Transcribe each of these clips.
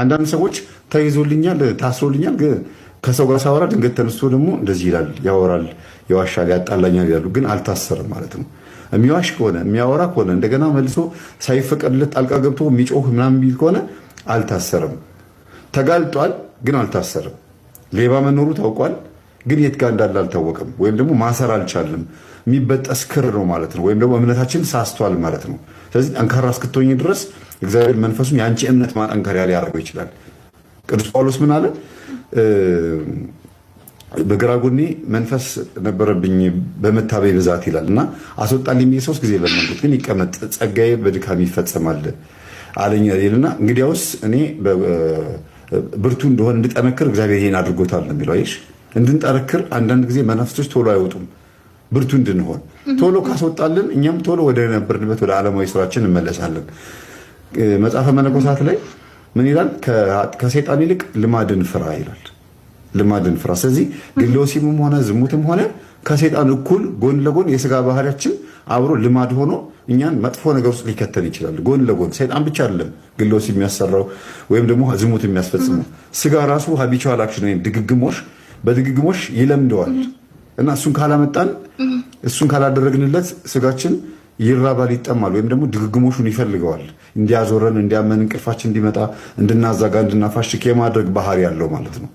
አንዳንድ ሰዎች ተይዞልኛል፣ ታስሮልኛል፣ ከሰው ጋር ሳወራ ድንገት ተነስቶ ደግሞ እንደዚህ ይላል፣ ያወራል፣ የዋሻ ያጣላኛል ይላሉ። ግን አልታሰርም ማለት ነው። የሚዋሽ ከሆነ የሚያወራ ከሆነ እንደገና መልሶ ሳይፈቀድለት ጣልቃ ገብቶ የሚጮህ ምናምን ከሆነ አልታሰርም። ተጋልጧል፣ ግን አልታሰርም። ሌባ መኖሩ ታውቋል፣ ግን የት ጋር እንዳለ አልታወቅም። ወይም ደግሞ ማሰር አልቻለም። የሚበጠስ ክር ነው ማለት ነው። ወይም ደግሞ እምነታችን ሳስቷል ማለት ነው። ስለዚህ ጠንካራ እስክትሆኝ ድረስ እግዚአብሔር መንፈሱም የአንቺ እምነት ማጠንከሪያ ሊያደርገው ይችላል። ቅዱስ ጳውሎስ ምን አለ? በግራ ጎኔ መንፈስ ነበረብኝ በመታበይ ብዛት ይላል እና አስወጣልኝ ብዬ ሶስት ጊዜ ለመንኩት፣ ግን ይቀመጥ ጸጋዬ በድካም ይፈጸማል አለኝ ይልና እንግዲያውስ እኔ ብርቱ እንደሆነ እንድጠነክር እግዚአብሔር ይሄን አድርጎታል ነው የሚለው። አይሽ እንድንጠነክር አንዳንድ ጊዜ መናፍስቶች ቶሎ አይወጡም። ብርቱ እንድንሆን ቶሎ ካስወጣልን እኛም ቶሎ ወደ ነበርንበት ወደ ዓለማዊ ስራችን እንመለሳለን። መጽሐፈ መነኮሳት ላይ ምን ይላል? ከሰይጣን ይልቅ ልማድን ፍራ ይላል። ልማድን ፍራ። ስለዚህ ግሎሲምም ሆነ ዝሙትም ሆነ ከሰይጣን እኩል ጎን ለጎን የስጋ ባህሪያችን አብሮ ልማድ ሆኖ እኛን መጥፎ ነገር ውስጥ ሊከተል ይችላል። ጎን ለጎን ሰይጣን ብቻ አይደለም ግሎሲ የሚያሰራው ወይም ደግሞ ዝሙት የሚያስፈጽመው ስጋ ራሱ ሀቢቹዋል አክሽን ወይም ድግግሞሽ በድግግሞሽ ይለምደዋል እና እሱን ካላመጣን እሱን ካላደረግንለት ስጋችን ይራባል፣ ይጠማል፣ ወይም ደግሞ ድግግሞሹን ይፈልገዋል። እንዲያዞረን፣ እንዲያመን፣ እንቅልፋችን እንዲመጣ፣ እንድናዛጋ፣ እንድናፋሽክ የማድረግ ባህሪ ያለው ማለት ነው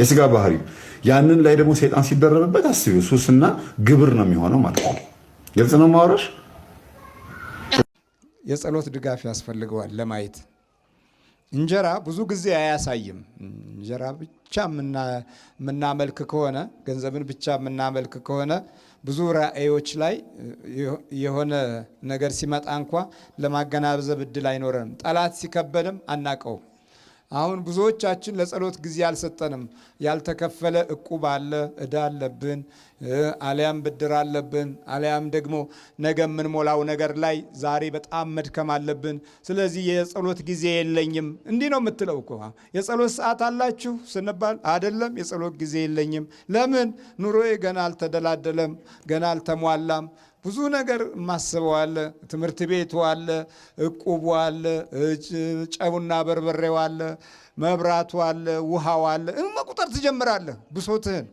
የስጋ ባህሪ። ያንን ላይ ደግሞ ሰይጣን ሲደረብበት አስቢ፣ ሱስና ግብር ነው የሚሆነው ማለት ነው። ግልጽ ነው ማውረሽ። የጸሎት ድጋፍ ያስፈልገዋል ለማየት እንጀራ ብዙ ጊዜ አያሳይም። እንጀራ ብቻ የምናመልክ ከሆነ ገንዘብን ብቻ የምናመልክ ከሆነ ብዙ ራእዮች ላይ የሆነ ነገር ሲመጣ እንኳ ለማገናዘብ እድል አይኖረንም። ጠላት ሲከበድም አናቀውም። አሁን ብዙዎቻችን ለጸሎት ጊዜ አልሰጠንም። ያልተከፈለ እቁብ አለ፣ እዳ አለብን፣ አሊያም ብድር አለብን፣ አሊያም ደግሞ ነገ የምንሞላው ነገር ላይ ዛሬ በጣም መድከም አለብን። ስለዚህ የጸሎት ጊዜ የለኝም። እንዲህ ነው የምትለው እኮ የጸሎት ሰዓት አላችሁ ስንባል አይደለም፣ የጸሎት ጊዜ የለኝም። ለምን? ኑሮዬ ገና አልተደላደለም፣ ገና አልተሟላም ብዙ ነገር የማስበው አለ። ትምህርት ቤቱ አለ፣ እቁቡ አለ፣ ጨውና በርበሬው አለ፣ መብራቱ አለ፣ ውሃው አለ። መቁጠር ትጀምራለህ ብሶትህን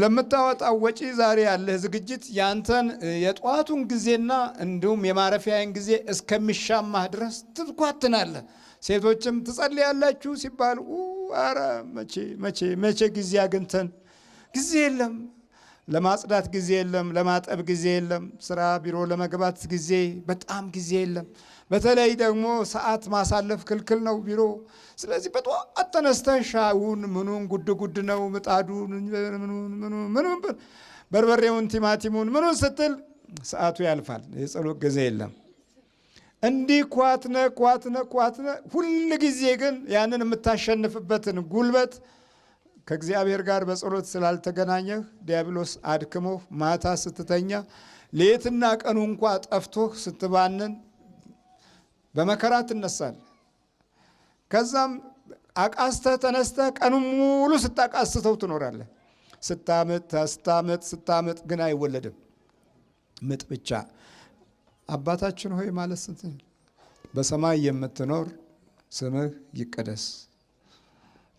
ለምታወጣው ወጪ ዛሬ ያለህ ዝግጅት ያንተን የጠዋቱን ጊዜና እንዲሁም የማረፊያን ጊዜ እስከሚሻማህ ድረስ ትኳትናለህ። ሴቶችም ትጸልያላችሁ ሲባል ኧረ መቼ መቼ መቼ ጊዜ አግኝተን ጊዜ የለም ለማጽዳት ጊዜ የለም፣ ለማጠብ ጊዜ የለም፣ ስራ ቢሮ ለመግባት ጊዜ በጣም ጊዜ የለም። በተለይ ደግሞ ሰዓት ማሳለፍ ክልክል ነው ቢሮ። ስለዚህ በጠዋት ተነስተን ሻውን ምኑን ጉድ ጉድ ነው ምጣዱ ምኑን በርበሬውን ቲማቲሙን ምኑን ስትል ሰዓቱ ያልፋል። የጸሎት ጊዜ የለም። እንዲህ ኳትነ ኳትነ ኳትነ ሁል ጊዜ ግን ያንን የምታሸንፍበትን ጉልበት ከእግዚአብሔር ጋር በጸሎት ስላልተገናኘህ ዲያብሎስ አድክሞህ ማታ ስትተኛ ሌትና ቀኑ እንኳ ጠፍቶህ ስትባንን በመከራ ትነሳል። ከዛም አቃስተህ ተነስተህ ቀኑን ሙሉ ስታቃስተው ትኖራለህ። ስታምጥ ስታምጥ ስታምጥ ግን አይወለድም፣ ምጥ ብቻ። አባታችን ሆይ ማለት ስንት በሰማይ የምትኖር ስምህ ይቀደስ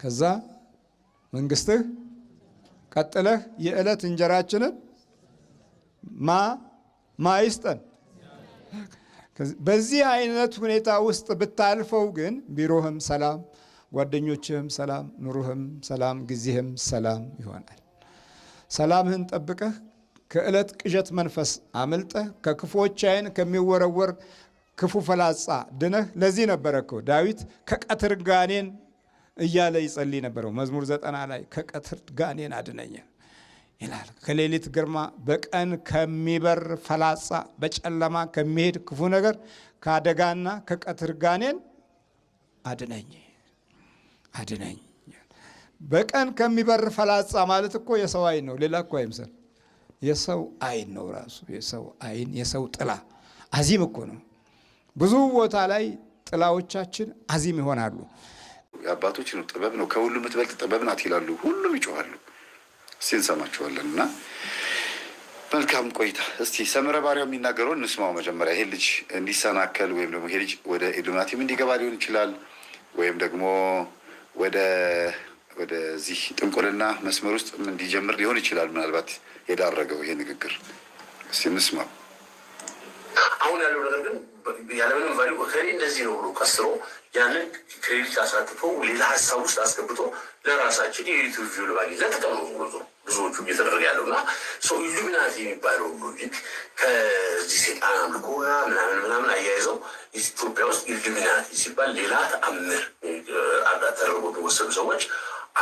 ከዛ መንግስትህ ቀጥለህ የዕለት እንጀራችንን ማ ማይስጠን በዚህ አይነት ሁኔታ ውስጥ ብታልፈው ግን ቢሮህም ሰላም፣ ጓደኞችህም ሰላም፣ ኑሮህም ሰላም፣ ጊዜህም ሰላም ይሆናል። ሰላምህን ጠብቀህ ከዕለት ቅዠት መንፈስ አመልጠ ከክፎች አይን ከሚወረወር ክፉ ፈላጻ ድነህ። ለዚህ ነበረ እኮ ዳዊት ከቀትር ጋኔን እያለ ይጸልይ ነበረው። መዝሙር ዘጠና ላይ ከቀትር ጋኔን አድነኝ ይላል። ከሌሊት ግርማ፣ በቀን ከሚበር ፈላጻ፣ በጨለማ ከሚሄድ ክፉ ነገር፣ ከአደጋና ከቀትር ጋኔን አድነኝ አድነኝ። በቀን ከሚበር ፈላጻ ማለት እኮ የሰው አይን ነው፣ ሌላ እኮ አይምሰል። የሰው አይን ነው ራሱ የሰው አይን፣ የሰው ጥላ አዚም እኮ ነው። ብዙ ቦታ ላይ ጥላዎቻችን አዚም ይሆናሉ። የአባቶች ነው ጥበብ ነው ከሁሉ የምትበልጥ ጥበብ ናት ይላሉ። ሁሉም ይጮኋሉ። እስቲ እንሰማችኋለን እና መልካም ቆይታ። እስቲ ሰምረ ባሪያው የሚናገረው እንስማው። መጀመሪያ ይሄ ልጅ እንዲሰናከል ወይም ደግሞ ይሄ ልጅ ወደ ኢሉሚናቲም እንዲገባ ሊሆን ይችላል ወይም ደግሞ ወደ ወደዚህ ጥንቁልና መስመር ውስጥ እንዲጀምር ሊሆን ይችላል ምናልባት የዳረገው ይሄ ንግግር። እስቲ እንስማው። አሁን ያለው ነገር ግን ያለምንም ቫሉ እከሌ እንደዚህ ነው ብሎ ቀስሮ ያንን ክሬዲት አሳትፎ ሌላ ሀሳብ ውስጥ አስገብቶ ለራሳችን የዩቲዩብ ቪው ለማግኘት ለጥቅም ነው ጉዞ ብዙዎቹ እየተደረገ ያለው እና ሰው ኢሉሚናት የሚባለው ሎጂክ ከዚህ ሴጣን አምልኮ ምናምን ምናምን አያይዘው ኢትዮጵያ ውስጥ ኢሉሚናት ሲባል ሌላ ተአምር ተደርጎ የሚወሰዱ ሰዎች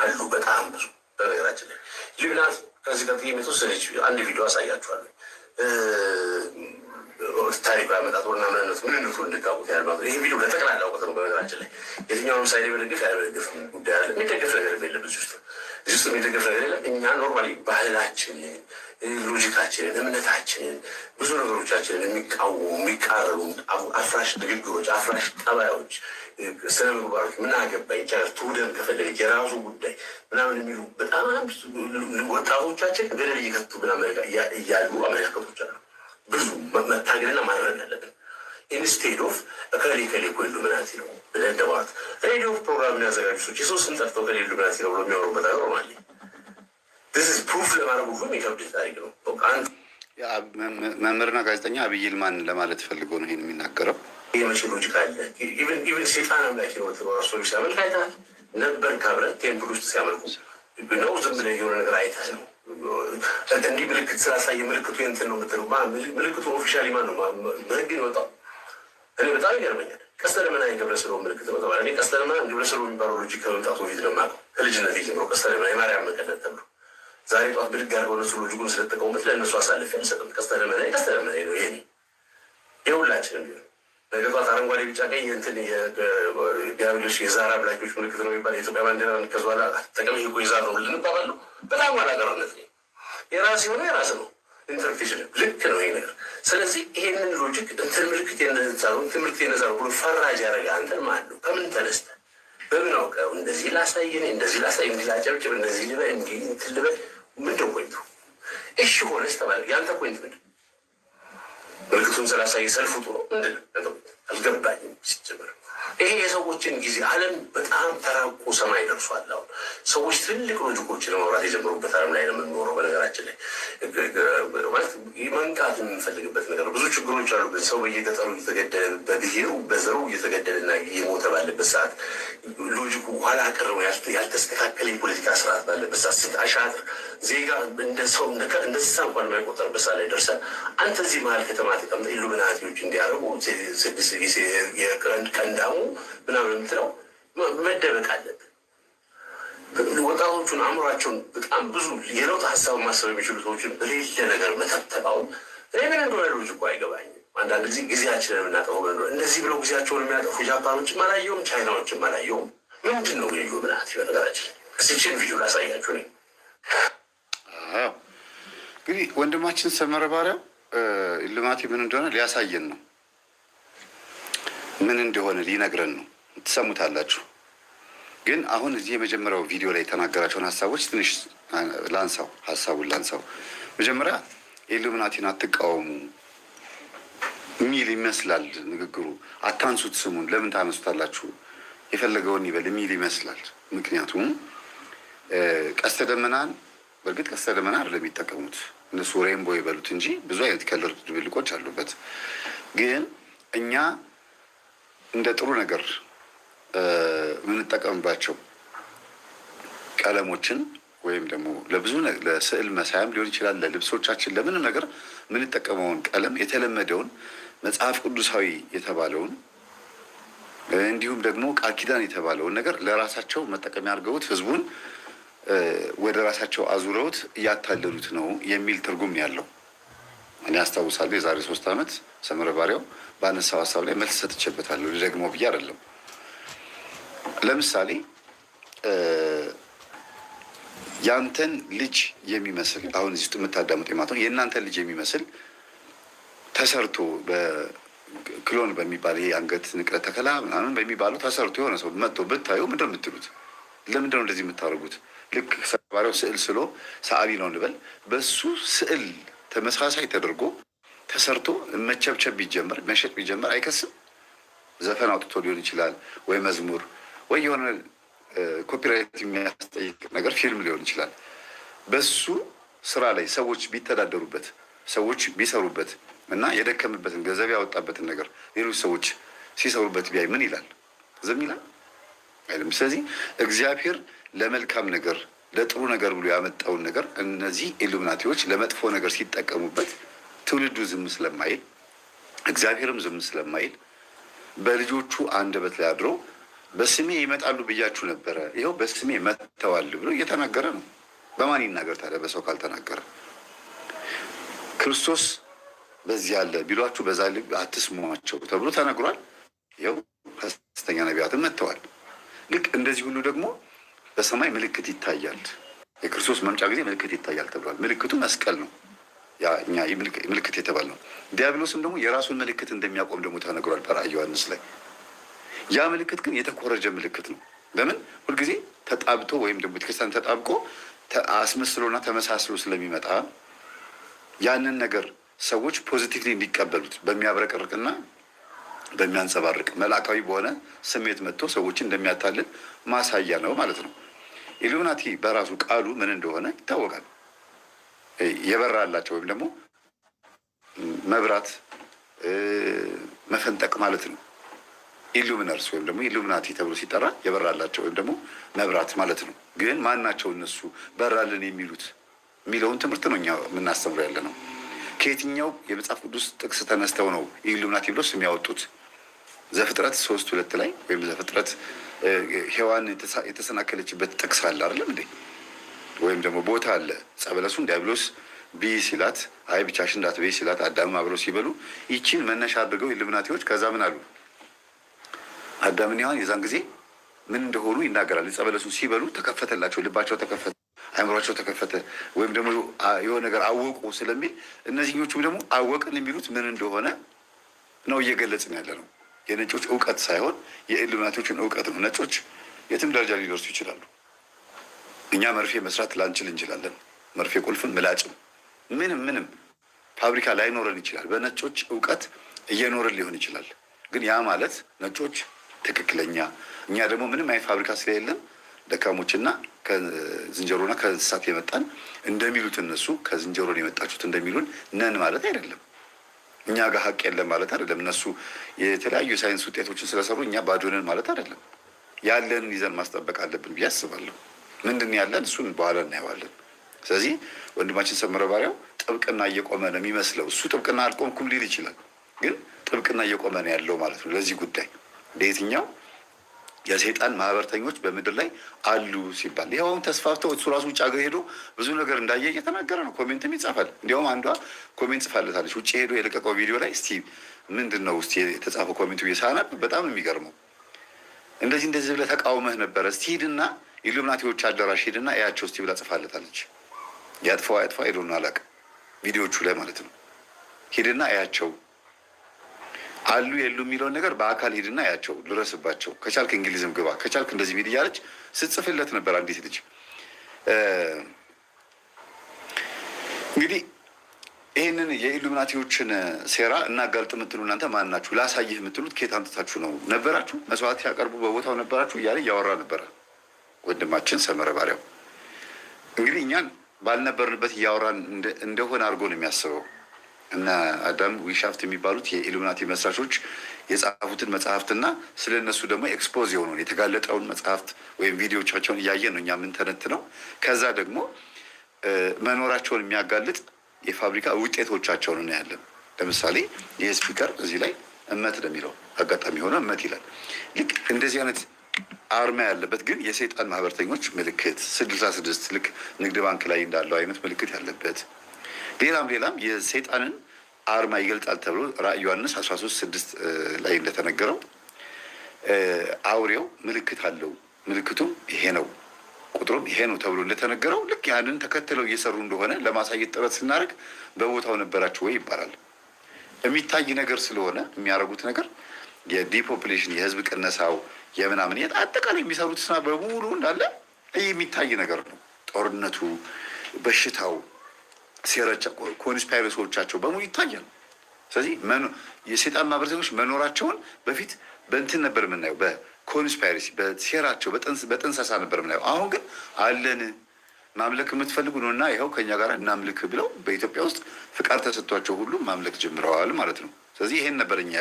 አሉ። በጣም ብዙ በነገራችን ላይ ኢሉሚናት ከዚህ ቀጥዬ የተወሰነች አንድ ቪዲዮ አሳያችኋለሁ። ታሪክ በመጣት ወና ምንነቱ ምንነቱ እንድታውቁት ያልባት ይህ ይሄ ቪዲዮ ለጠቅላላ እውቀት ነው። በነገራችን ላይ የትኛውም ሳይድ በደግፍ ያለበደግፍ ጉዳይ አለ። የሚደገፍ ነገር የለም። እዚህ ውስጥ እዚህ ውስጥ የሚደገፍ ነገር የለም። እኛ ኖርማሊ ባህላችንን፣ ሎጂካችንን፣ እምነታችንን፣ ብዙ ነገሮቻችንን የሚቃወሙ የሚቃረሩ አፍራሽ ንግግሮች፣ አፍራሽ ጠባዮች፣ ስነ ምግባሮች ምን አገባኝ ትውደን ከፈለገ የራሱ ጉዳይ ምናምን የሚሉ በጣም ወጣቶቻችን ገደል እየከቱ ምናምን እያሉ አመለካከቶች አሉ። ብዙ መታገልና ማድረግ አለብን። ኢንስቴድ ኦፍ እከሌ ከሌ እኮ ኢሉሚናቲ ነው ብለን እንደማለት ሬዲዮ ፕሮግራም የሚያዘጋጁ ሰዎች የሶስትን ጠርተው ከሌ ኢሉሚናቲ ነው ብሎ የሚያወሩበት አኖርማል ፕሩፍ ለማድረግ መምህርና ጋዜጠኛ አብይ ይልማን ለማለት ፈልጎ ነው ይሄን የሚናገረው። የመቼ ሎጂክ ሴጣን አምላክ ህይወት ነበር። ካብረት ቴምፕል ውስጥ ሲያመልኩ ነው ዝም ብለህ የሆነ ነገር አይታል ነው እንዲህ ምልክት ስላሳየ ምልክቱ እንትን ነው የምትለው ምልክቱ ኦፊሻሊ ማን ነው በህግ የወጣው? እኔ በጣም ይገርመኛል። ቀስተ ደመና የገብረ ስለው ምልክት ነው ተባለ። ቀስተ ደመና ገብረ ስለው የሚባለው ሎጂክ ከመምጣቱ በፊት ነው የማውቀው። ከልጅነት ጀምሮ ቀስተ ደመና የማርያም መቀነት ተብሎ ዛሬ ጠዋት ብድግ አድርገው እነሱ ሎጂኩን ስለተጠቀሙበት ለእነሱ አሳልፍ አልሰጥም። ቀስተ ደመና ቀስተ ደመና ነው። ይሄ የሁላችን ቢሆን ነገ ጠዋት አረንጓዴ፣ ቢጫ፣ ቀይ እንትን ዲያብሎስ የዛራ ብላኪዎች ምልክት ነው የሚባል የኢትዮጵያ ባንዲራ ከዚ በኋላ ጠቀም ይጎ ይዛር ነው ልንባባሉ በጣም ዋላ ቀረነት ነው የራስ የሆነ የራስ ነው ኢንተርፕሬሽን ልክ ነው ይሄ ነገር። ስለዚህ ይሄንን ሎጂክ እንትን ምልክት የነዛ ነው እንትን ምልክት ነው ብሎ ፈራጅ ያደረገ አንተን ማለት ነው። ከምን ተነስተ በምን አውቀው እንደዚህ ላሳየኔ እንደዚህ ላሳይ እንዲ ላጨብጭብ እንደዚህ ልበ እንዲ እንትን ልበል ምንድን ቆይቱ እሺ ሆነስ ተባለ። የአንተ ቆይት ምንድን ምልክቱን ስላሳየ ሰልፉ ጥሩ ምንድን አልገባኝም ሲጀምር ይሄ የሰዎችን ጊዜ ዓለም በጣም ተራቁ ሰማይ ደርሷል። አሁን ሰዎች ትልቅ ሎጂኮችን ለመብራት የጀመሩበት ዓለም ላይ ነው የምንኖረው። በነገራችን ላይ ማለት መንቃት የምንፈልግበት ነገር ብዙ ችግሮች አሉበት። ሰው በየገጠሩ እየተገደለ በብሄሩ በዘሩ እየተገደለና እየሞተ ባለበት ሰዓት ሎጂኩ ኋላ ቀር ያልተስተካከለ የፖለቲካ ስርዓት ባለበት ሰዓት ስት አሻጥር ዜጋ እንደ ሰው እንደ ስሳ እንኳን የማይቆጠርበት ሰዓት ላይ ደርሰን አንተ እዚህ መሀል ከተማ ተቀምጠ ኢሉሚናቲዎች እንዲያደርጉ ቀንዳሙ ነው ምናምን የምትለው መደበቅ አለብን። ወጣቶቹን አእምሯቸውን በጣም ብዙ የለውጥ ሀሳብ ማሰብ የሚችሉ ሰዎችን በሌለ ነገር መተተባው እኔ ምን እንደሆነ ልጅ እኮ አይገባኝም። አንዳንድ ጊዜ ጊዜያችንን የምናጠፈው በ እንደዚህ ብለው ጊዜያቸውን የሚያጠፉ ጃፓኖችም አላየውም፣ ቻይናዎችም አላየውም። ምንድን ነው ልዩ ምናት ነገራችን? ስችን ቪዲዮ ላሳያችሁ ነኝ። እንግዲህ ወንድማችን ሰመረ ባሪያው ልማቴ ምን እንደሆነ ሊያሳየን ነው። ምን እንደሆነ ሊነግረን ነው። ትሰሙታላችሁ። ግን አሁን እዚህ የመጀመሪያው ቪዲዮ ላይ የተናገራቸውን ሀሳቦች ትንሽ ላንሳው፣ ሀሳቡን ላንሳው። መጀመሪያ ኢሉሚናቲን አትቃወሙ የሚል ይመስላል ንግግሩ። አታንሱት፣ ስሙን ለምን ታነሱታላችሁ? የፈለገውን ይበል የሚል ይመስላል። ምክንያቱም ቀስተ ደመናን በእርግጥ ቀስተ ደመና አይደለም የሚጠቀሙት እነሱ ሬንቦ ይበሉት እንጂ ብዙ አይነት ከለር ድብልቆች አሉበት። ግን እኛ እንደ ጥሩ ነገር የምንጠቀምባቸው ቀለሞችን ወይም ደግሞ ለብዙ ለስዕል መሳያም ሊሆን ይችላል። ለልብሶቻችን፣ ለምንም ነገር የምንጠቀመውን ቀለም የተለመደውን መጽሐፍ ቅዱሳዊ የተባለውን እንዲሁም ደግሞ ቃል ኪዳን የተባለውን ነገር ለራሳቸው መጠቀሚያ አድርገውት ህዝቡን ወደ ራሳቸው አዙረውት እያታለሉት ነው የሚል ትርጉም ያለው እኔ አስታውሳለሁ የዛሬ ሶስት ዓመት ሰምረ ባሪያው በአነሳው ሀሳብ ላይ መልስ ሰጥቼበታለሁ። ልደግመው ብዬ አይደለም። ለምሳሌ ያንተን ልጅ የሚመስል አሁን እዚህ ውስጥ የምታዳምጡ ማለት የእናንተን ልጅ የሚመስል ተሰርቶ በክሎን በሚባል ይሄ አንገት ንቅለ ተከላ ምናምን በሚባለው ተሰርቶ የሆነ ሰው መጥቶ ብታዩ ምንድን የምትሉት? ለምንድነው እንደዚህ የምታደርጉት? ልክ ሰባሪያው ስዕል ስሎ ሰዓሊ ነው እንበል በሱ ስዕል ተመሳሳይ ተደርጎ ተሰርቶ መቸብቸብ ቢጀመር መሸጥ ቢጀመር አይከስም። ዘፈን አውጥቶ ሊሆን ይችላል ወይ መዝሙር ወይ የሆነ ኮፒራይት የሚያስጠይቅ ነገር ፊልም ሊሆን ይችላል። በሱ ስራ ላይ ሰዎች ቢተዳደሩበት፣ ሰዎች ቢሰሩበት እና የደከምበትን ገንዘብ ያወጣበትን ነገር ሌሎች ሰዎች ሲሰሩበት ቢያይ ምን ይላል? ዝም ይላል አይልም። ስለዚህ እግዚአብሔር ለመልካም ነገር ለጥሩ ነገር ብሎ ያመጣውን ነገር እነዚህ ኢሉሚናቲዎች ለመጥፎ ነገር ሲጠቀሙበት ትውልዱ ዝም ስለማይል እግዚአብሔርም ዝም ስለማይል በልጆቹ አንደበት ላይ አድሮ በስሜ ይመጣሉ ብያችሁ ነበረ፣ ይኸው በስሜ መጥተዋል ብሎ እየተናገረ ነው። በማን ይናገር ታዲያ? በሰው ካልተናገረ ክርስቶስ በዚህ አለ ቢሏችሁ በዛ ልብ አትስሟቸው ተብሎ ተነግሯል። ይኸው ከስተኛ ነቢያትም መጥተዋል። ልክ እንደዚህ ሁሉ ደግሞ በሰማይ ምልክት ይታያል፣ የክርስቶስ መምጫ ጊዜ ምልክት ይታያል ተብሏል። ምልክቱ መስቀል ነው። ያ ምልክት የተባል ነው። ዲያብሎስም ደግሞ የራሱን ምልክት እንደሚያቆም ደግሞ ተነግሯል በራእየ ዮሐንስ ላይ። ያ ምልክት ግን የተኮረጀ ምልክት ነው። ለምን ሁልጊዜ ተጣብቶ ወይም ደግሞ ቤተክርስቲያን ተጣብቆ አስመስሎና ተመሳስሎ ስለሚመጣ ያንን ነገር ሰዎች ፖዚቲቭሊ እንዲቀበሉት በሚያብረቀርቅና በሚያንጸባርቅ መልአካዊ በሆነ ስሜት መጥቶ ሰዎችን እንደሚያታልል ማሳያ ነው ማለት ነው። ኢሉሚናቲ በራሱ ቃሉ ምን እንደሆነ ይታወቃል። የበራላቸው ወይም ደግሞ መብራት መፈንጠቅ ማለት ነው። ኢሉሚነርስ ወይም ደግሞ ኢሉሚናቲ ተብሎ ሲጠራ የበራላቸው ወይም ደግሞ መብራት ማለት ነው። ግን ማን ናቸው እነሱ በራልን የሚሉት የሚለውን ትምህርት ነው እኛ የምናስተምረው ያለ ነው። ከየትኛው የመጽሐፍ ቅዱስ ጥቅስ ተነስተው ነው ኢሉሚናቲ ብሎ ስም ያወጡት? ዘፍጥረት ሶስት ሁለት ላይ ወይም ዘፍጥረት ሔዋን የተሰናከለችበት ጥቅስ አለ አይደለም እንዴ? ወይም ደግሞ ቦታ አለ። ጸበለሱን ዲያብሎስ ብይ ሲላት አይ ብቻሽ እንዳት ብይ ሲላት አዳም አብረው ሲበሉ ይቺን መነሻ አድርገው ኢሉሚናቲዎች ከዛ ምን አሉ? አዳምን ሔዋን የዛን ጊዜ ምን እንደሆኑ ይናገራል። ጸበለሱን ሲበሉ ተከፈተላቸው፣ ልባቸው ተከፈተ፣ አይምሯቸው ተከፈተ፣ ወይም ደግሞ የሆነ ነገር አወቁ ስለሚል እነዚህኞቹም ደግሞ አወቅን የሚሉት ምን እንደሆነ ነው እየገለጽን ያለ ነው። የነጮች እውቀት ሳይሆን የኢሉሚናቲዎችን እውቀት ነው። ነጮች የትም ደረጃ ሊደርሱ ይችላሉ። እኛ መርፌ መስራት ላንችል እንችላለን። መርፌ ቁልፍም፣ ምላጭም፣ ምንም ምንም ፋብሪካ ላይኖረን ይችላል። በነጮች እውቀት እየኖረን ሊሆን ይችላል። ግን ያ ማለት ነጮች ትክክለኛ፣ እኛ ደግሞ ምንም አይነት ፋብሪካ ስለሌለን ደካሞችና ከዝንጀሮና ከእንስሳት የመጣን እንደሚሉት እነሱ ከዝንጀሮን የመጣችሁት እንደሚሉን ነን ማለት አይደለም። እኛ ጋር ሀቅ የለም ማለት አይደለም። እነሱ የተለያዩ የሳይንስ ውጤቶችን ስለሰሩ እኛ ባዶንን ማለት አይደለም። ያለንን ይዘን ማስጠበቅ አለብን ብዬ አስባለሁ። ምንድን ያለን እሱን በኋላ እናየዋለን። ስለዚህ ወንድማችን ሰመረ ባሪያው ጥብቅና እየቆመ ነው የሚመስለው። እሱ ጥብቅና አልቆምኩም ሊል ይችላል፣ ግን ጥብቅና እየቆመ ነው ያለው ማለት ነው ለዚህ ጉዳይ በየትኛው የሰይጣን ማህበርተኞች በምድር ላይ አሉ ሲባል ይኸው አሁን ተስፋፍተው እሱ ራሱ ውጭ ሀገር ሄዶ ብዙ ነገር እንዳየ እየተናገረ ነው። ኮሜንትም ይጻፋል። እንዲያውም አንዷ ኮሜንት ጽፋለታለች። ውጭ ሄዶ የለቀቀው ቪዲዮ ላይ እስቲ ምንድን ነው ስ የተጻፈ ኮሜንቱ ሳነብ በጣም የሚገርመው እንደዚህ እንደዚህ ብለህ ተቃውመህ ነበረ፣ እስቲ ሂድና ኢሉምናቲዎች አዳራሽ ሂድና እያቸው እስቲ ብላ ጽፋለታለች። ያጥፋው አያጥፋው ሄዶና አላውቅም፣ ቪዲዮቹ ላይ ማለት ነው። ሂድና እያቸው አሉ የሉ የሚለውን ነገር በአካል ሄድና ያቸው፣ ልረስባቸው፣ ከቻልክ እንግሊዝም ግባ፣ ከቻልክ እንደዚህ ሄድ እያለች ስጽፍለት ነበር። አንዲት ልጅ እንግዲህ ይህንን የኢሉሚናቲዎችን ሴራ እናጋልጥ የምትሉ እናንተ ማን ናችሁ? ላሳይህ የምትሉት ከየት አንጥታችሁ ነው? ነበራችሁ? መስዋዕት ሲያቀርቡ በቦታው ነበራችሁ? እያለ እያወራ ነበረ ወንድማችን ሰመረ ባሪያው። እንግዲህ እኛን ባልነበርንበት እያወራን እንደሆነ አድርጎ ነው የሚያስበው። እና አዳም ዊሻፍት የሚባሉት የኢሉሚናቲ መስራቾች የጻፉትን መጽሐፍትና ስለ እነሱ ደግሞ ኤክስፖዝ የሆነውን የተጋለጠውን መጽሐፍት ወይም ቪዲዮቻቸውን እያየን ነው እኛ የምንተነት ነው። ከዛ ደግሞ መኖራቸውን የሚያጋልጥ የፋብሪካ ውጤቶቻቸውን እናያለን። ለምሳሌ ይህ ስፒከር እዚህ ላይ እመት ነው የሚለው አጋጣሚ የሆነ እመት ይላል። ልክ እንደዚህ አይነት አርማ ያለበት ግን የሰይጣን ማህበርተኞች ምልክት ስድሳ ስድስት ልክ ንግድ ባንክ ላይ እንዳለው አይነት ምልክት ያለበት ሌላም ሌላም የሰይጣንን አርማ ይገልጣል ተብሎ ራእይ አስራ 13 ስድስት ላይ እንደተነገረው አውሬው ምልክት አለው፣ ምልክቱም ይሄ ነው፣ ቁጥሩም ይሄ ነው ተብሎ እንደተነገረው ልክ ያንን ተከትለው እየሰሩ እንደሆነ ለማሳየት ጥረት ስናደርግ በቦታው ነበራችሁ ወይ ይባላል። የሚታይ ነገር ስለሆነ የሚያደርጉት ነገር የዲፖፕሌሽን የህዝብ ቅነሳው የምናምን አጠቃላይ የሚሰሩት ስራ በሙሉ እንዳለ የሚታይ ነገር ነው። ጦርነቱ፣ በሽታው ሴረቻ ኮንስፓይረሲዎቻቸው በሙሉ ይታያል። ስለዚህ የሴጣን ማህበረሰቦች መኖራቸውን በፊት በእንትን ነበር የምናየው፣ በኮንስፓይረሲ በሴራቸው በጥንሰሳ ነበር የምናየው። አሁን ግን አለን ማምለክ የምትፈልጉ ነው እና ይኸው ከኛ ጋር እናምልክ ብለው በኢትዮጵያ ውስጥ ፍቃድ ተሰጥቷቸው ሁሉ ማምለክ ጀምረዋል ማለት ነው። ስለዚህ ይሄን ነበር እኛ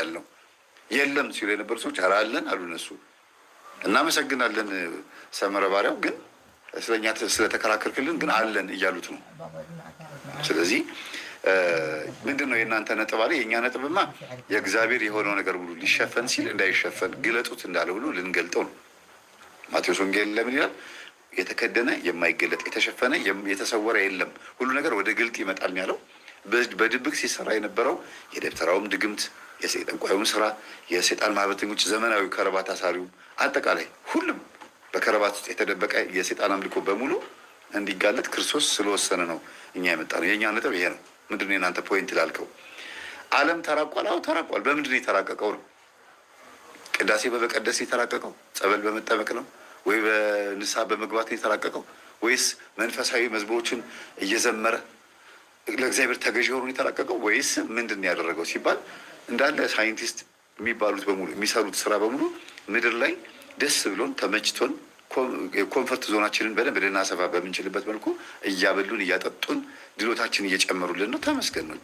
የለም ሲሉ የነበሩ ሰዎች ኧረ አሉ እነሱ። እናመሰግናለን ሰመረ ባሪያው ግን ስለኛ ስለተከራከርክልን ግን አለን እያሉት ነው። ስለዚህ ምንድን ነው የእናንተ ነጥብ አለ። የእኛ ነጥብማ የእግዚአብሔር የሆነው ነገር ሁሉ ሊሸፈን ሲል እንዳይሸፈን ግለጡት እንዳለ ሁሉ ልንገልጠው ነው። ማቴዎስ ወንጌል ለምን ይላል? የተከደነ የማይገለጥ የተሸፈነ የተሰወረ የለም፣ ሁሉ ነገር ወደ ግልጥ ይመጣል ያለው በድብቅ ሲሰራ የነበረው የደብተራውም ድግምት፣ የጠንቋዩም ስራ፣ የሰይጣን ማህበረተኞች፣ ዘመናዊ ከረባት አሳሪውም፣ አጠቃላይ ሁሉም በከረባት ውስጥ የተደበቀ የሴጣን አምልኮ በሙሉ እንዲጋለጥ ክርስቶስ ስለወሰነ ነው እኛ የመጣ ነው። የእኛ ነጥብ ይሄ ነው። ምንድን ነው የናንተ ፖይንት ላልከው፣ ዓለም ተራቋል። አዎ ተራቋል። በምንድን የተራቀቀው ነው? ቅዳሴ በመቀደስ የተራቀቀው፣ ጸበል በመጠመቅ ነው ወይ በንስሐ በመግባት ነው የተራቀቀው? ወይስ መንፈሳዊ መዝሙሮችን እየዘመረ ለእግዚአብሔር ተገዥ ሆኖ የተራቀቀው? ወይስ ምንድን ነው ያደረገው ሲባል እንዳለ ሳይንቲስት የሚባሉት በሙሉ የሚሰሩት ስራ በሙሉ ምድር ላይ ደስ ብሎን ተመችቶን ኮንፈርት ዞናችንን በደንብ ልናሰፋ በምንችልበት መልኩ እያበሉን እያጠጡን ድሎታችን እየጨመሩልን ነው። ተመስገን ነው።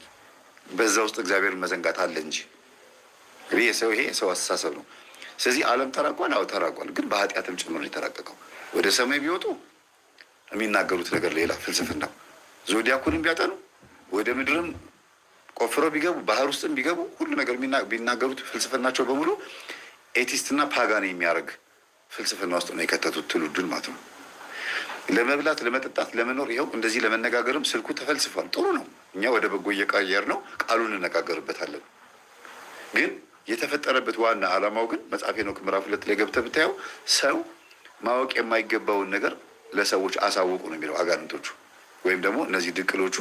በዛ ውስጥ እግዚአብሔርን መዘንጋት አለ እንጂ ሰው ይሄ ሰው አስተሳሰብ ነው። ስለዚህ ዓለም ተራቋል። አዎ ተራቋል፣ ግን በኃጢአትም ጭምር ነው የተራቀቀው። ወደ ሰማይ ቢወጡ የሚናገሩት ነገር ሌላ ፍልስፍና፣ ዞዲያኩንም ቢያጠኑ ወደ ምድርም ቆፍረው ቢገቡ ባህር ውስጥም ቢገቡ ሁሉ ነገር ቢናገሩት ፍልስፍናቸው በሙሉ ኤቲስትና ፓጋን የሚያደርግ ፍልስፍና ውስጥ ነው የከተቱት ትውልዱን ማለት ነው። ለመብላት ለመጠጣት፣ ለመኖር ይኸው እንደዚህ ለመነጋገርም ስልኩ ተፈልስፏል። ጥሩ ነው። እኛ ወደ በጎ እየቀየር ነው፣ ቃሉን እነጋገርበታለን። ግን የተፈጠረበት ዋና ዓላማው ግን መጽሐፌ ነው ምዕራፍ ሁለት ላይ ገብተህ ብታየው ሰው ማወቅ የማይገባውን ነገር ለሰዎች አሳውቁ ነው የሚለው አጋንንቶቹ ወይም ደግሞ እነዚህ ድቅሎቹ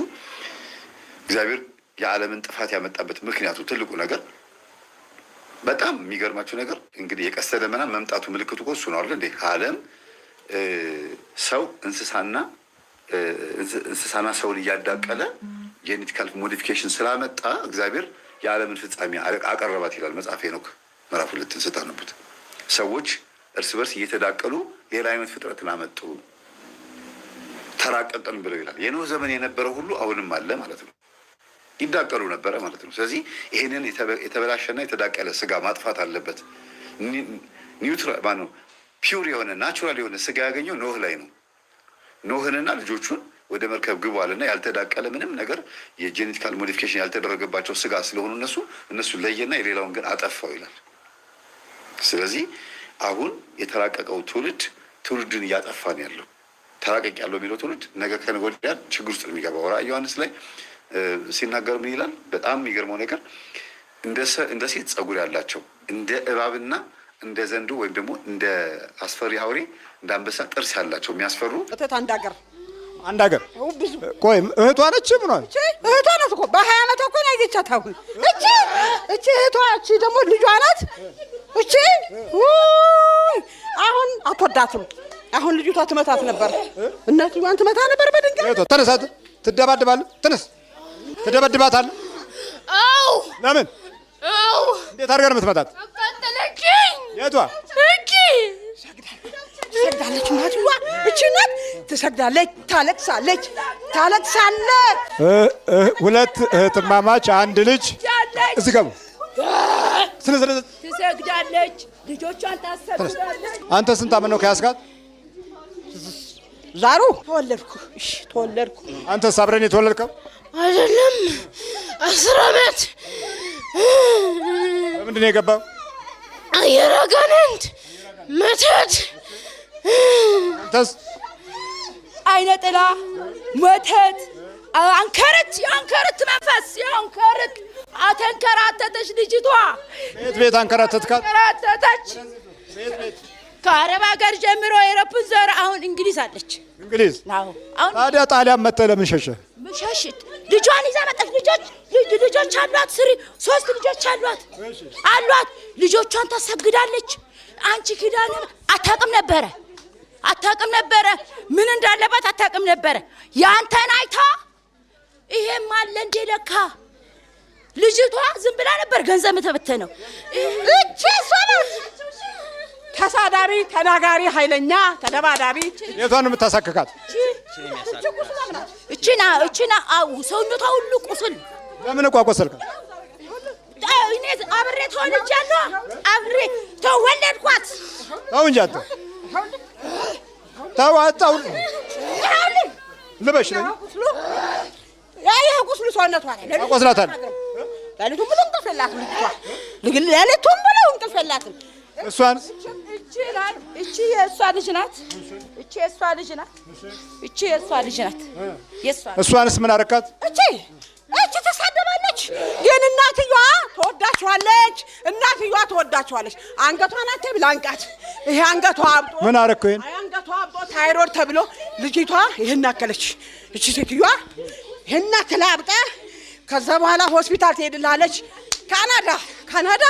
እግዚአብሔር የዓለምን ጥፋት ያመጣበት ምክንያቱ ትልቁ ነገር በጣም የሚገርማቸው ነገር እንግዲህ የቀስተ ደመና መምጣቱ ምልክቱ እኮ እሱ ነው አለ እንዴ? አለም ሰው እንስሳና እንስሳና ሰውን እያዳቀለ ጄኔቲካል ሞዲፊኬሽን ስላመጣ እግዚአብሔር የዓለምን ፍጻሜ አቀረባት ይላል መጽሐፍ ሄኖክ ምዕራፍ ሁለትን ስታነቡት ሰዎች እርስ በርስ እየተዳቀሉ ሌላ አይነት ፍጥረትን አመጡ፣ ተራቀቅን ብለው ይላል። የኖህ ዘመን የነበረው ሁሉ አሁንም አለ ማለት ነው። ይዳቀሉ ነበረ ማለት ነው። ስለዚህ ይህንን የተበላሸና የተዳቀለ ስጋ ማጥፋት አለበት። ኒውትራል ማነው ፒውር የሆነ ናቹራል የሆነ ስጋ ያገኘው ኖህ ላይ ነው። ኖህንና ልጆቹን ወደ መርከብ ግቧልና ያልተዳቀለ ምንም ነገር የጄኔቲካል ሞዲፊኬሽን ያልተደረገባቸው ስጋ ስለሆኑ እነሱ እነሱ ለየና የሌላውን ግን አጠፋው ይላል። ስለዚህ አሁን የተራቀቀው ትውልድ ትውልድን እያጠፋ ያለው። ተራቀቅ ያለው የሚለው ትውልድ ነገ ከነገ ወዲያ ችግር ውስጥ የሚገባው። ራዕየ ዮሐንስ ላይ ሲናገር ምን ይላል? በጣም የሚገርመው ነገር እንደ ሴት ጸጉር ያላቸው እንደ እባብና እንደ ዘንዱ ወይም ደግሞ እንደ አስፈሪ አውሬ እንደ አንበሳ ጥርስ ያላቸው የሚያስፈሩ እህት አንድ ሀገር አንድ ሀገር ቆይ እህቷ ነች ምኗ እህቷ ናት እኮ በሀያ ዓመት እኮ ያየቻት አሁን እቺ እቺ እህቷ እቺ ደግሞ ልጇ ናት እቺ አሁን አትወዳትም አሁን ልጅቷ ትመታት ነበር እናትዋን ትመታ ነበር በድንገት ተነሳት ትደባድባለህ ትነስ ትደበድባታል? አዎ። ለምን? አዎ። እንዴት አድርጋ ነው የምትመጣት? አቃጠለችኝ። የቷ? እቺ ትሰግዳለች፣ እናትዋ እቺ ናት። ትሰግዳለች፣ ታለቅሳለች፣ ታለቅሳለች። ሁለት እህትማማች አንድ ልጅ እዚህ ገቡ። ትሰግዳለች፣ ልጆቿን ታሰግዳለች። አንተ ስንት ዓመት ነው ከያስጋት? ዛሩ ተወለድኩ እሺ ተወለድኩ። አንተስ አብረን የተወለድከው አይደለም አስር አመት ምንድን ነው የገባው? አየር አጋንንት፣ መተት፣ አይነ ጥላ፣ መተት፣ አንከርት፣ የአንከርት መንፈስ፣ የአንከርት አተንከራተተች ልጅቷ። ቤት ቤት አንከራተትካት አንከራተተች። ከአረብ ሀገር ጀምሮ የረፑን ዘር አሁን እንግሊዝ አለች። እንግሊዝ ታዲያ ጣሊያን መተህ ለምን ሸሸህ? ሸሽት ልጇን ይዛ መጣች። ልጆች ልጆች አሏት፣ ስሪ ሶስት ልጆች አሏት አሏት። ልጆቿን ታሰግዳለች። አንቺ ኪዳነ አታውቅም ነበረ አታውቅም ነበረ። ምን እንዳለባት አታውቅም ነበረ። ያንተን አይታ ይሄም አለ እንዴ ለካ ልጅቷ ዝም ብላ ነበር ገንዘብ ተበተነው እቺ ተሳዳቢ፣ ተናጋሪ፣ ኃይለኛ፣ ተደባዳቢ የቷን የምታሳክካት እቺና እቺና አው ሰውነቷ ሁሉ ቁስል ለምን እኮ እኔ አብሬ ተወልጃለሁ። አብሬ ተወለድኳት። ተው እንጂ አትተው፣ ተው አትተው። ልበሽ ነኝ። ይሄ ቁስሉ ሰውነቷ ላይ ቆስላታል። ለሊቱን ብሎ እንቅልፍ የላትም ልጅቷ፣ ለሊቱን ብሎ እንቅልፍ የላትም እሷን እቺ የእሷ ልጅ ናት። እቺ የእሷ ልጅ ናት። እቺ የእሷ ልጅ ናት። እሷንስ ምን አረካት? እቺ እቺ ተሳደባለች። ግን እናትየዋ ትወዳችኋለች። እናትየዋ ትወዳችኋለች። አንገቷን አትብ ላንቃት። ይሄ አንገቷ አብጦ ምን አረከ? ይሄን አንገቷ አብጦ ታይሮድ ተብሎ ልጅቷ ይሄን አከለች። እቺ ሴትዮዋ ይሄን አክላ አብጣ። ከዛ በኋላ ሆስፒታል ትሄድላለች። ካናዳ ካናዳ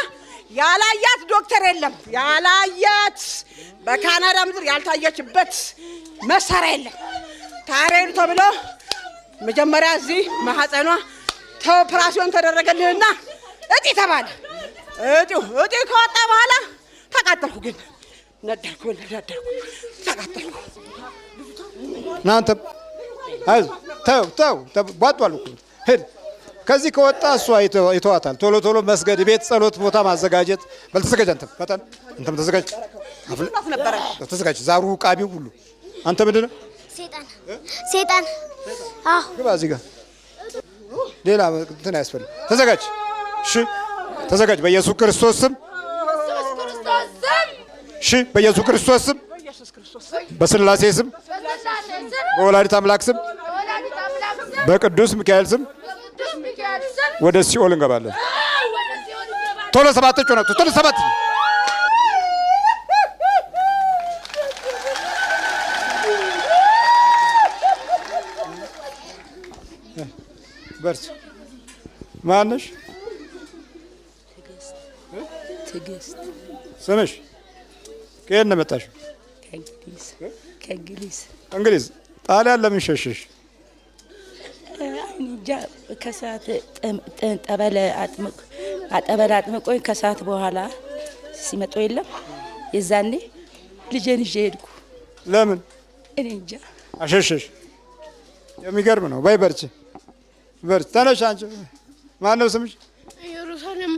ያላያት ዶክተር የለም። ያላያት በካናዳ ምድር ያልታየችበት መሳሪያ የለም። ታሬን ተብሎ መጀመሪያ እዚህ ማህፀኗ ኦፕራሲዮን ተደረገልህና እጢ ተባለ። እጢው እጢ ከወጣ በኋላ ተቃጠልኩ። ግን ነዳልኩ ነዳልኩ ተቃጠልኩ። ናንተ ተው ተው ተው ቧጧል ሄድ ከዚህ ከወጣ እሷ ይተዋታል። ቶሎ ቶሎ መስገድ፣ ቤት ጸሎት ቦታ ማዘጋጀት። በል ተዘጋጅ፣ ፈጠን፣ አንተም ተዘጋጅ፣ ተዘጋጅ። ዛሩ ቃቢው ሁሉ አንተ ምንድን ነው? ሰይጣን ግባ፣ እዚህ ጋር ሌላ እንትን አያስፈልግም። ተዘጋጅ፣ እሺ፣ ተዘጋጅ። በኢየሱስ ክርስቶስ ስም፣ እሺ፣ በኢየሱስ ክርስቶስ ስም፣ በስላሴ ስም፣ በወላዲት አምላክ ስም፣ በቅዱስ ሚካኤል ስም ወደ ሲኦል እንገባለን። ቶሎ ሰባት ጮናቱ ቶሎ ሰባት በርስ ማነሽ? ትዕግስት ስምሽ? ከየት ነው የመጣሽው? ከእንግሊዝ። እንግሊዝ ጣሊያን ለምን ሸሸሽ? እንጃ ከሰዓት ጠበል አጥምቆኝ ከሰዓት በኋላ ሲመጡ የለም የዛኔ ልጄን ይዤ ሄድኩ። ለምን እኔ እንጃ። አሸሸሽ። የሚገርም ነው። በይ በርቺ፣ በርቺ፣ ተነሽ። አንቺ ማን ስምሽ? ኢየሩሳሌም፣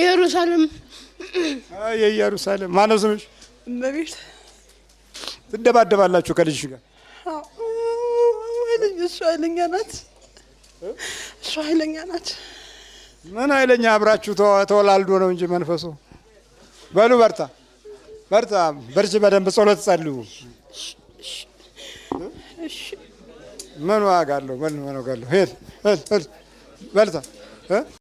ኢየሩሳሌም፣ አይ ኢየሩሳሌም። ማን ስምሽ? እመቤት። ትደባደባላችሁ ከልጅሽ ጋር? አዎ እሱ ኃይለኛ ናት፣ እሱ ኃይለኛ ናት። ምን ኃይለኛ አብራችሁ ተወላልዶ ነው እንጂ መንፈሱ። በሉ በርታ በርታ፣ በርች፣ በደንብ ጸሎት ጸልዩ። ምን ዋጋ አለው? ምን ዋጋ አለው? ሂድ በርታ